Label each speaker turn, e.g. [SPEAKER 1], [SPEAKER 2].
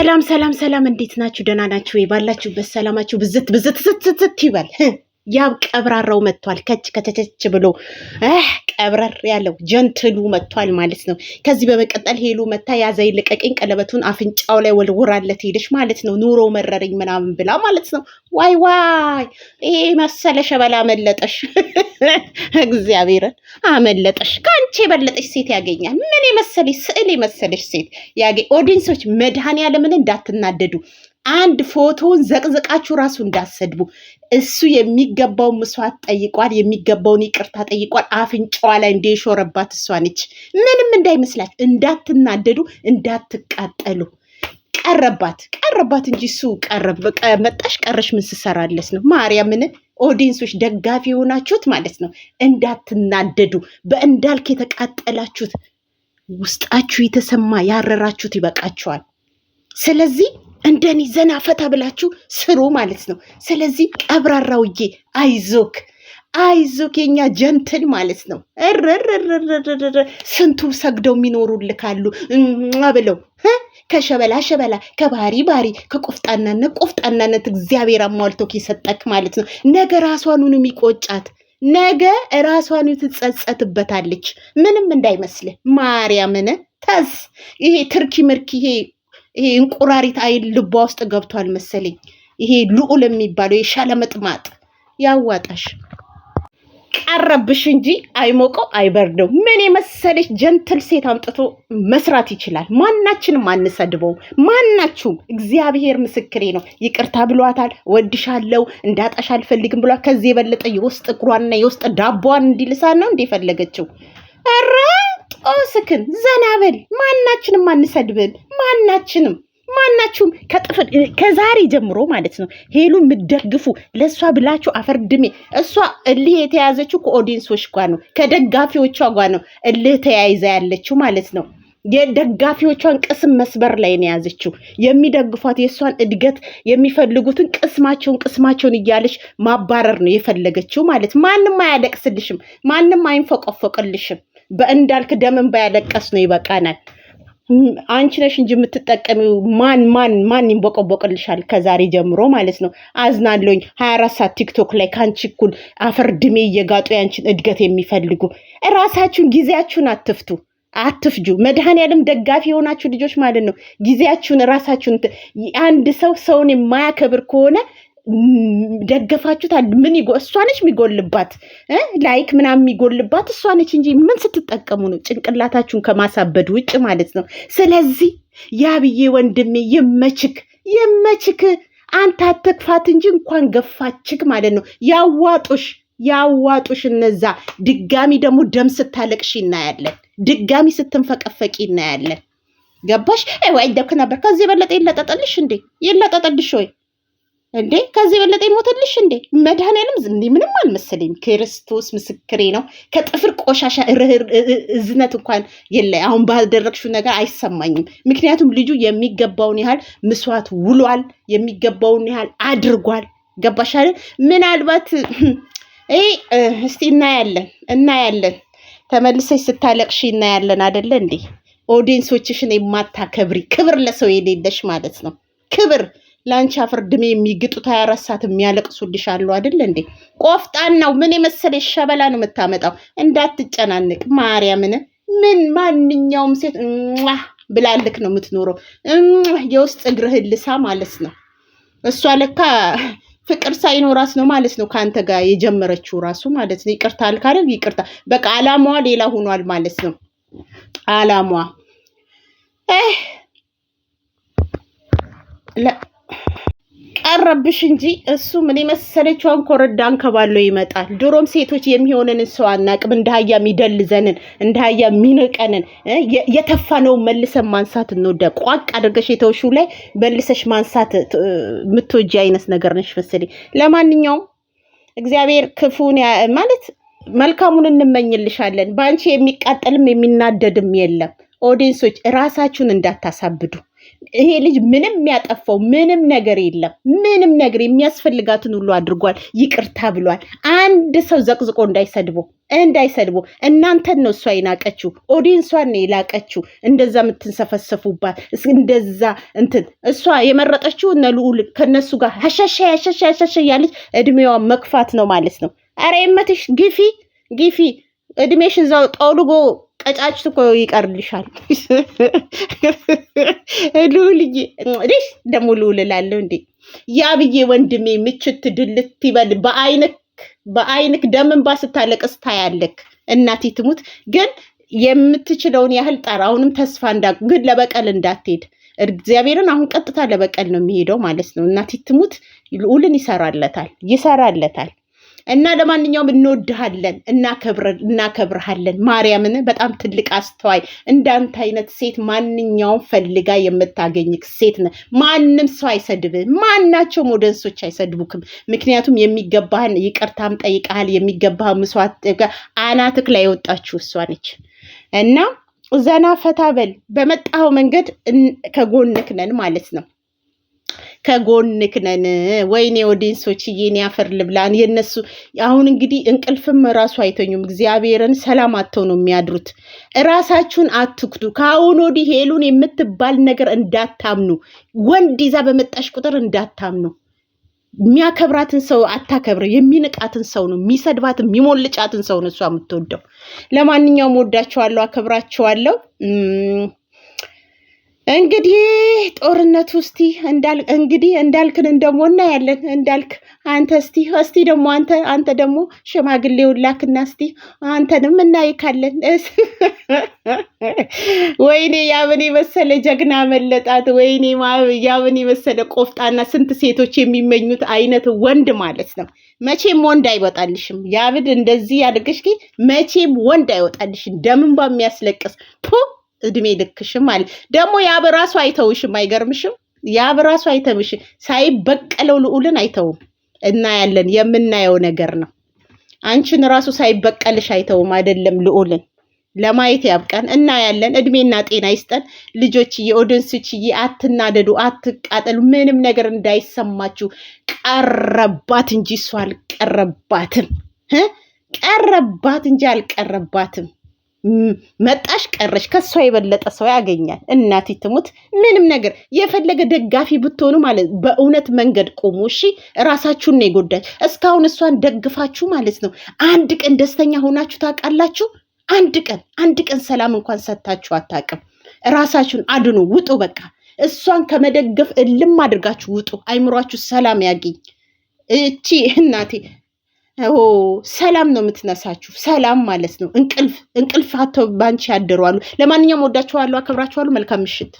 [SPEAKER 1] ሰላም ሰላም ሰላም፣ እንዴት ናችሁ? ደህና ናችሁ? ባላችሁበት ሰላማችሁ ብዝት ብዝት ስትስት ይበል። ያብ ቀብራራው መጥቷል። ከች ከተቸች ብሎ ቀብረር ያለው ጀንትሉ መጥቷል ማለት ነው። ከዚህ በመቀጠል ሄሉ መታ ያዘኝ ልቀቀኝ፣ ቀለበቱን አፍንጫው ላይ ወልውራለት ሄደች ማለት ነው። ኑሮ መረረኝ ምናምን ብላ ማለት ነው። ዋይ ዋይ! ይሄ መሰለ ሸበላ አመለጠሽ፣ እግዚአብሔርን አመለጠሽ። ከአንቺ የበለጠች ሴት ያገኛል። ምን የመሰለሽ ስዕል የመሰለች ሴት ያገ ኦዲንሶች መድኃኔዓለምን እንዳትናደዱ አንድ ፎቶውን ዘቅዝቃችሁ ራሱ እንዳሰድቡ። እሱ የሚገባው ምስዋት ጠይቋል፣ የሚገባውን ይቅርታ ጠይቋል። አፍንጫዋ ላይ እንደሾረባት እሷ ነች። ምንም እንዳይመስላችሁ፣ እንዳትናደዱ፣ እንዳትቃጠሉ። ቀረባት ቀረባት እንጂ እሱ መጣሽ ቀረሽ ምን ስሰራለስ ነው ማርያምን ኦዲንሶች ደጋፊ የሆናችሁት ማለት ነው። እንዳትናደዱ። በእንዳልክ የተቃጠላችሁት ውስጣችሁ የተሰማ ያረራችሁት ይበቃችኋል። ስለዚህ እንደኔ ዘና ፈታ ብላችሁ ስሩ ማለት ነው። ስለዚህ ቀብራራውዬ አይዞክ አይዞክ የኛ ጀንትል ማለት ነው። ርርርርርር ስንቱ ሰግደው የሚኖሩልካሉ ብለው ከሸበላ ሸበላ ከባህሪ ባህሪ ከቆፍጣናነት ቆፍጣናነት እግዚአብሔር አሟልቶ የሰጠክ ማለት ነው። ነገ ራሷኑን የሚቆጫት ነገ ራሷኑ ትጸጸትበታለች። ምንም እንዳይመስልህ ማርያምን ተስ ይሄ ትርኪ ምርኪ ይሄ ይሄ እንቁራሪት አይን ልቧ ውስጥ ገብቷል መሰለኝ። ይሄ ልዑል የሚባለው የሻለ መጥማጥ ያዋጣሽ ቀረብሽ እንጂ አይሞቀው አይበርደው። ምን የመሰለች ጀንትል ሴት አምጥቶ መስራት ይችላል። ማናችንም አንሰድበው፣ ማናችሁም። እግዚአብሔር ምስክሬ ነው። ይቅርታ ብሏታል። ወድሻለው፣ እንዳጣሽ አልፈልግም ብሏል። ከዚህ የበለጠ የውስጥ እግሯና የውስጥ ዳቧን እንዲልሳ ነው እንደፈለገችው ኧረ ጦስክን ዘና በል። ማናችንም አንሰድብን፣ ማናችንም ማናችሁም ከጥፍር ከዛሬ ጀምሮ ማለት ነው ሄሉ ምደግፉ ለእሷ ብላችሁ አፈርድሜ። እሷ እልህ የተያዘችው ከኦዲንሶች ጓ ነው፣ ከደጋፊዎቿ ጓ ነው እልህ ተያይዛ ያለችው ማለት ነው። የደጋፊዎቿን ቅስም መስበር ላይ ነው የያዘችው። የሚደግፏት የእሷን እድገት የሚፈልጉትን ቅስማቸውን ቅስማቸውን እያለች ማባረር ነው የፈለገችው ማለት ማንም አያለቅስልሽም፣ ማንም አይንፈቆፈቅልሽም። በእንዳልክ ደምን ባያለቀስ ነው ይበቃናል። አንቺ ነሽ እንጂ የምትጠቀሚው ማን ማን ማን ይንቦቀቦቅልሻል? ከዛሬ ጀምሮ ማለት ነው። አዝናለኝ። ሀያ አራት ሰዓት ቲክቶክ ላይ ከአንቺ እኩል አፈር ድሜ እየጋጡ ያንቺን እድገት የሚፈልጉ እራሳችሁን ጊዜያችሁን አትፍቱ አትፍጁ። መድኃኔዓለም ደጋፊ የሆናችሁ ልጆች ማለት ነው ጊዜያችሁን ራሳችሁን አንድ ሰው ሰውን የማያከብር ከሆነ ደገፋችሁት። ምን እሷ ነች የሚጎልባት ላይክ ምናምን የሚጎልባት እሷ ነች እንጂ ምን ስትጠቀሙ ነው? ጭንቅላታችሁን ከማሳበድ ውጭ ማለት ነው። ስለዚህ ያብዬ ወንድሜ ይመችክ፣ ይመችክ። አንተ አትግፋት እንጂ እንኳን ገፋችክ ማለት ነው። ያዋጡሽ ያዋጡሽ እነዛ። ድጋሚ ደግሞ ደም ስታለቅሽ እናያለን። ድጋሚ ስትንፈቀፈቂ እናያለን። ገባሽ ወይ? ደብክ ነበር። ከዚህ የበለጠ ይለጠጠልሽ እንዴ? ይለጠጠልሽ ወይ? እንዴ ከዚህ የበለጠ ይሞትልሽ እንዴ? መድኃኔዓለም እንዲ ምንም አልመሰለኝም። ክርስቶስ ምስክሬ ነው። ከጥፍር ቆሻሻ እዝነት እንኳን የለ አሁን ባደረግሽው ነገር አይሰማኝም። ምክንያቱም ልጁ የሚገባውን ያህል ምስዋት ውሏል፣ የሚገባውን ያህል አድርጓል። ገባሻል? ምናልባት እስቲ እናያለን እናያለን ተመልሰሽ ስታለቅሺ እናያለን አደለ እንዴ? ኦዲንሶችሽን የማታከብሪ ክብር ለሰው የሌለሽ ማለት ነው ክብር ለአንቺ አፈር ድሜ የሚግጡት አያረሳት የሚያለቅሱልሽ አሉ አይደል እንዴ? ቆፍጣናው ምን የመሰለ ሸበላ ነው የምታመጣው። እንዳትጨናንቅ ማርያምን። ምን ማንኛውም ሴት ብላልክ ነው የምትኖረው። የውስጥ እግርህን ልሳ ማለት ነው። እሷ ለካ ፍቅር ሳይኖራት ነው ማለት ነው ከአንተ ጋር የጀመረችው ራሱ ማለት ነው። ይቅርታ አልካለ ይቅርታ፣ በቃ አላማዋ ሌላ ሆኗል ማለት ነው። አላማዋ ቀረብሽ እንጂ እሱ ምን የመሰለችዋን ኮረዳ አንከባሎ ይመጣል። ድሮም ሴቶች የሚሆነንን ሰው አናቅም። እንደ ሀያ የሚደልዘንን እንደ ሀያ የሚንቀንን የተፋነውን መልሰን ማንሳት እንወዳ ቋቅ አድርገሽ የተውሹ ላይ መልሰሽ ማንሳት ምትወጂ አይነት ነገር ነሽ መሰለኝ። ለማንኛውም እግዚአብሔር ክፉን ማለት መልካሙን እንመኝልሻለን። በአንቺ የሚቃጠልም የሚናደድም የለም። ኦዲንሶች ራሳችሁን እንዳታሳብዱ። ይሄ ልጅ ምንም የሚያጠፋው ምንም ነገር የለም። ምንም ነገር የሚያስፈልጋትን ሁሉ አድርጓል። ይቅርታ ብሏል። አንድ ሰው ዘቅዝቆ እንዳይሰድቦ እንዳይሰድቦ። እናንተን ነው እሷ የናቀችው፣ ኦዲንሷን ነው የላቀችው። እንደዛ የምትንሰፈሰፉባት እንደዛ እንትን እሷ የመረጠችው እነ ልዑል ከእነሱ ጋር ሀሻሻ ያሻሻ ያሻሻ እያለች እድሜዋን መግፋት ነው ማለት ነው። አረ የመትሽ ግፊ ግፊ እድሜሽ እዛው ጠውልጎ ቀጫጭት እኮ ይቀርልሻል። ልውልዬ እሽ ደግሞ ልውልላለሁ እላለሁ እንዴ ያብዬ ወንድሜ ምችት ድልት ይበል። በአይንክ በአይንክ ደምን ባ ስታለቅስ ታያለክ። እናቴ ትሙት ግን የምትችለውን ያህል ጠር አሁንም ተስፋ እንዳ ግን ለበቀል እንዳትሄድ እግዚአብሔርን አሁን ቀጥታ ለበቀል ነው የሚሄደው ማለት ነው። እናቴ ትሙት ልዑልን ይሰራለታል፣ ይሰራለታል እና ለማንኛውም እንወድሃለን፣ እናከብርሃለን። ማርያምን በጣም ትልቅ አስተዋይ እንዳንተ አይነት ሴት ማንኛውም ፈልጋ የምታገኝ ሴት ነ ማንም ሰው አይሰድብህ፣ ማናቸውም ወደንሶች አይሰድቡክም። ምክንያቱም የሚገባህን ይቅርታም ጠይቃል። የሚገባህ ምስዋት አናትክ ላይ የወጣችሁ እሷ ነች እና ዘና ፈታ በል። በመጣኸው መንገድ ከጎንክ ነን ማለት ነው። ከጎንክ ነን። ወይኔ ኦዲንሶችዬ፣ እኔ አፈር ልብላን። የነሱ አሁን እንግዲህ እንቅልፍም ራሱ አይተኙም። እግዚአብሔርን ሰላም አተው ነው የሚያድሩት። እራሳችሁን አትክዱ። ከአሁን ወዲህ ሄሉን የምትባል ነገር እንዳታምኑ፣ ወንድ ይዛ በመጣሽ ቁጥር እንዳታምኑ። የሚያከብራትን ሰው አታከብር። የሚንቃትን ሰው ነው የሚሰድባት፣ የሚሞልጫትን ሰው ነው እሷ የምትወደው። ለማንኛውም ወዳችኋለሁ፣ አከብራችኋለሁ። እንግዲህ ጦርነቱ እስቲ እንግዲህ እንዳልክን እንደሞ እናያለን። እንዳልክ አንተ እስቲ እስቲ ደግሞ አንተ አንተ ደግሞ ሽማግሌውን ላክና እስቲ አንተንም እናይካለን። ወይኔ ያብን የመሰለ ጀግና መለጣት። ወይኔ ያብን የመሰለ ቆፍጣና፣ ስንት ሴቶች የሚመኙት አይነት ወንድ ማለት ነው። መቼም ወንድ አይወጣልሽም። ያብን እንደዚህ ያድርግሽ፣ መቼም ወንድ አይወጣልሽም። ደምን የሚያስለቅስ? እድሜ ልክሽም አለ ደግሞ ያ በራሱ አይተውሽም። አይገርምሽም? ያብ ራሱ አይተውሽ ሳይበቀለው ልዑልን አይተውም። እናያለን፣ የምናየው ነገር ነው። አንቺን ራሱ ሳይበቀልሽ አይተውም። አይደለም ልዑልን ለማየት ያብቃን። እናያለን። እድሜና ጤና ይስጠን። ልጆችዬ፣ ኦዲየንሶችዬ፣ አትናደዱ፣ አትቃጠሉ። ምንም ነገር እንዳይሰማችሁ። ቀረባት እንጂ እሱ አልቀረባትም። ቀረባት እንጂ አልቀረባትም። መጣሽ ቀረሽ ከሷ የበለጠ ሰው ያገኛል። እናቴ ትሙት ምንም ነገር የፈለገ ደጋፊ ብትሆኑ ማለት በእውነት መንገድ ቆሙ። እሺ ራሳችሁን ነው የጎዳች። እስካሁን እሷን ደግፋችሁ ማለት ነው። አንድ ቀን ደስተኛ ሆናችሁ ታውቃላችሁ? አንድ ቀን አንድ ቀን ሰላም እንኳን ሰጥታችሁ አታውቅም። ራሳችሁን አድኑ፣ ውጡ። በቃ እሷን ከመደገፍ እልም አድርጋችሁ ውጡ። አይምሯችሁ ሰላም ያገኝ። እቺ እናቴ ሰላም ነው የምትነሳችሁ። ሰላም ማለት ነው። እንቅልፍ እንቅልፍ አተው ባንቺ ያደሯሉ። ለማንኛውም ወዳችኋለሁ፣ አከብራችኋለሁ። መልካም ምሽት።